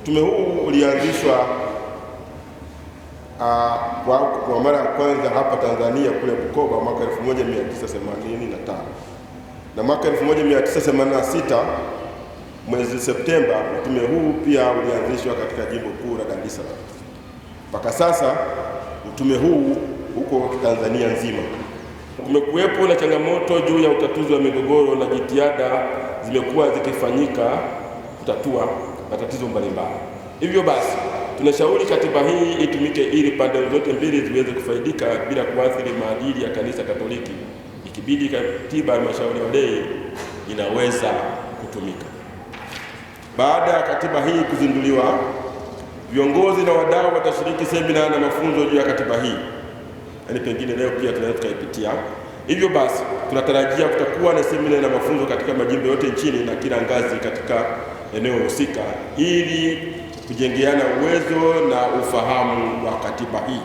Utume huu ulianzishwa ah, kwa, kwa mara ya kwanza hapa Tanzania kule Bukoba mwaka 1985 na mwaka 1986 mwezi Septemba utume huu pia ulianzishwa katika jimbo kuu la Dar es Salaam. Mpaka sasa utume huu uko Tanzania nzima. Kumekuwepo na changamoto juu ya utatuzi wa migogoro na jitihada zimekuwa zikifanyika kutatua matatizo mbalimbali. Hivyo basi tunashauri katiba hii itumike ili pande zote mbili ziweze kufaidika bila kuathiri maadili ya kanisa Katoliki. Ikibidi katiba ya halmashauri walei inaweza kutumika. Baada ya katiba hii kuzinduliwa, viongozi na wadau watashiriki semina na mafunzo juu ya katiba hii, yaani pengine leo pia tunaweza tukaipitia. Hivyo basi tunatarajia kutakuwa na semina na mafunzo katika majimbo yote nchini na kila ngazi katika eneo husika ili kujengeana uwezo na ufahamu wa katiba hii.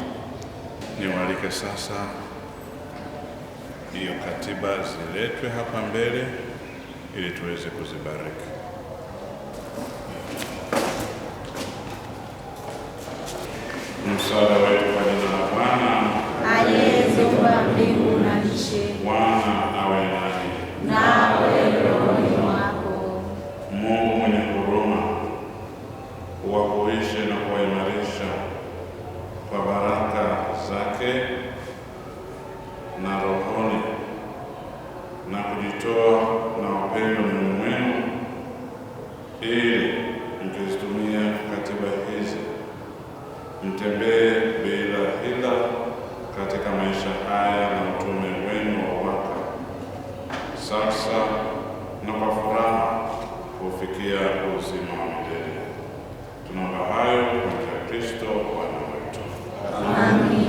Niwaalike sasa hiyo katiba ziletwe hapa mbele ili tuweze kuzibariki. Msala kuwahuishe na kuwaimarisha kwa baraka zake na rohoni na kujitoa na upendo miongoni mwenu, ili mkizitumia katiba hizi mtembee bila hila katika maisha haya na utume wenu wa uwaka sasa na kwa furaha kufikia uzima Tunaomba hayo katika Kristo Bwana wetu. Amen.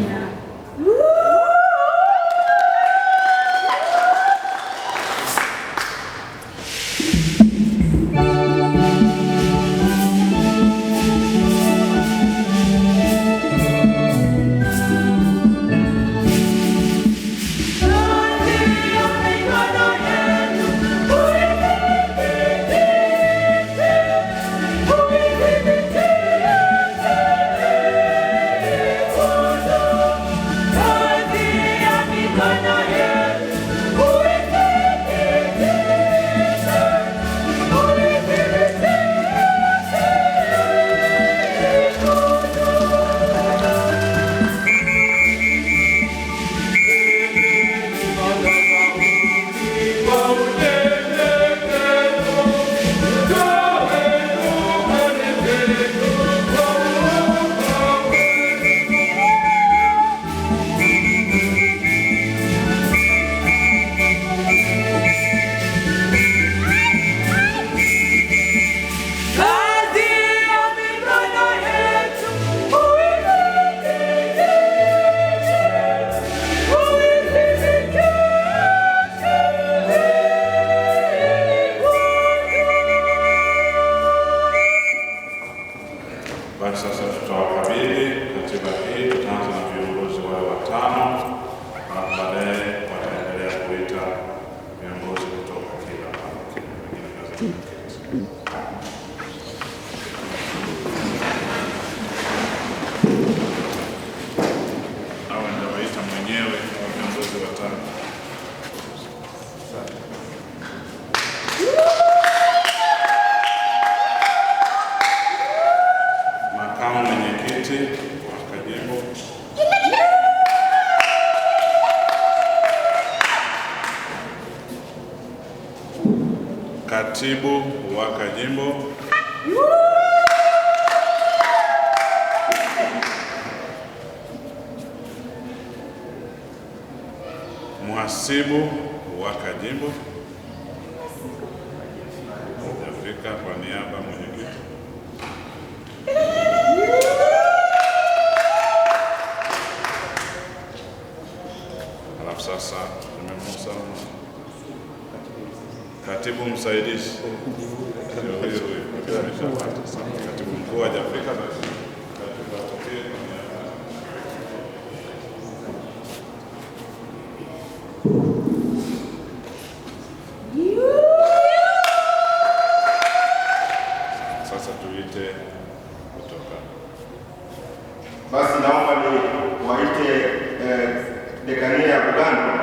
a Hospital família. kama mwenyekiti wa Kajimbo, katibu wa Kajimbo, mhasibu wa Kajimbo mkurugenzi msaidizi katibu mkuu wa Afrika Sasa tuite kutoka basi, naomba ni waite eh, dekania ya Bugando.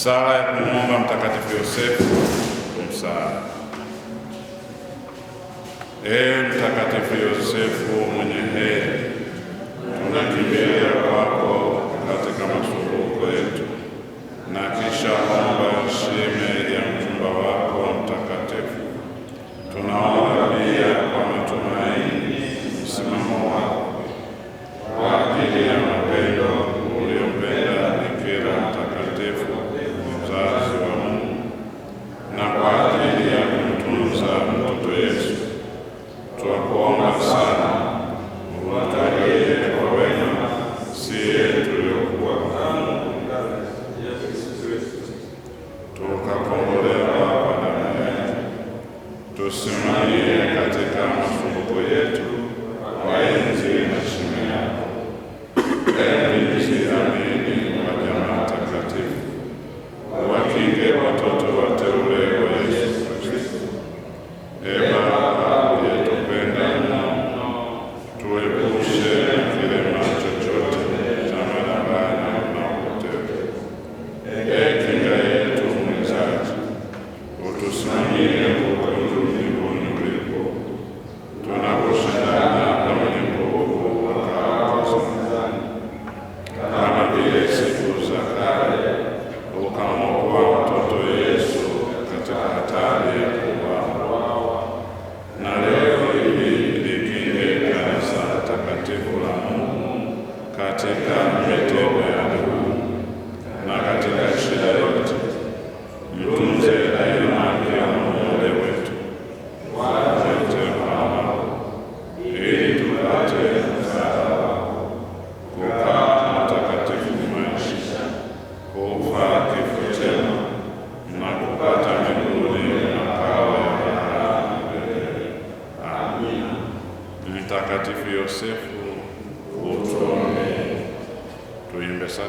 Sala ya kumwomba Mtakatifu Yosefu kumsaa. Ee Mtakatifu Yosefu mwenye heri, tunakimbilia kwako katika masumbuko yetu, na kisha omba shime ya mchumba wako mtakatifu tuna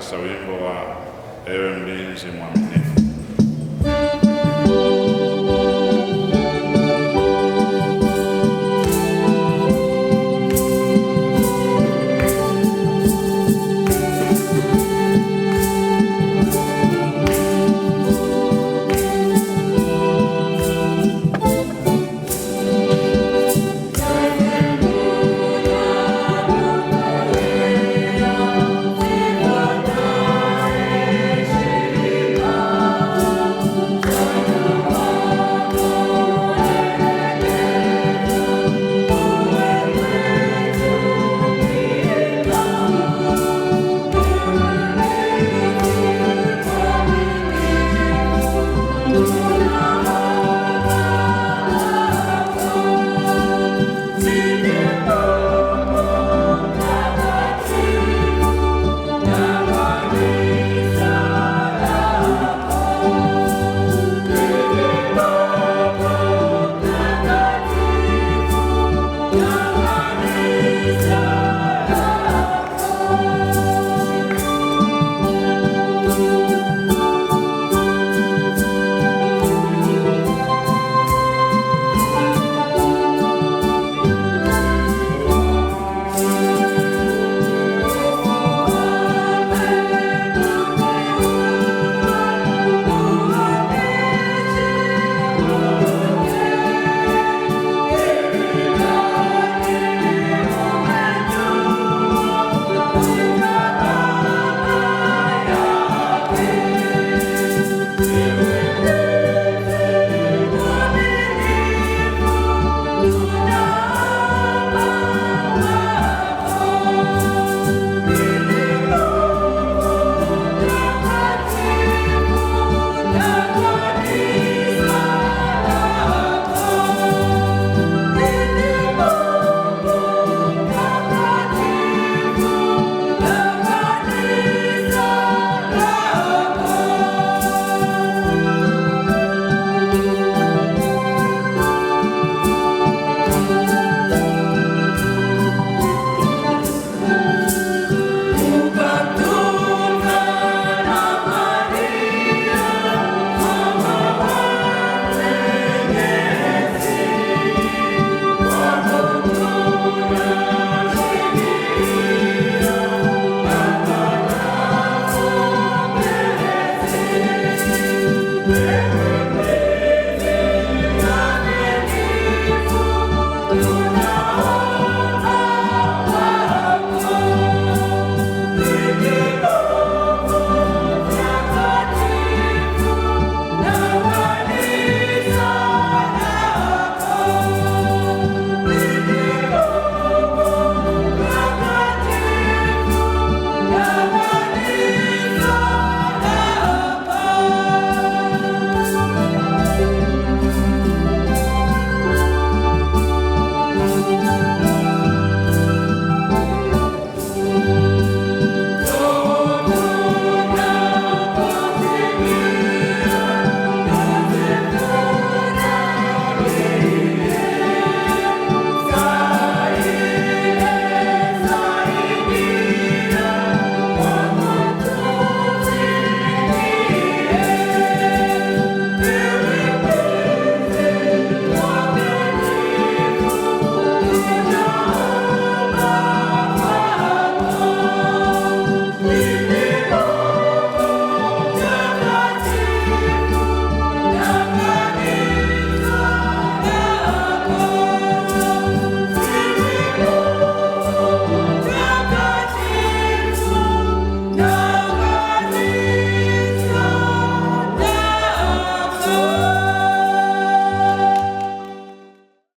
hasa wimbo wa ewe mlinzi mwaminifu.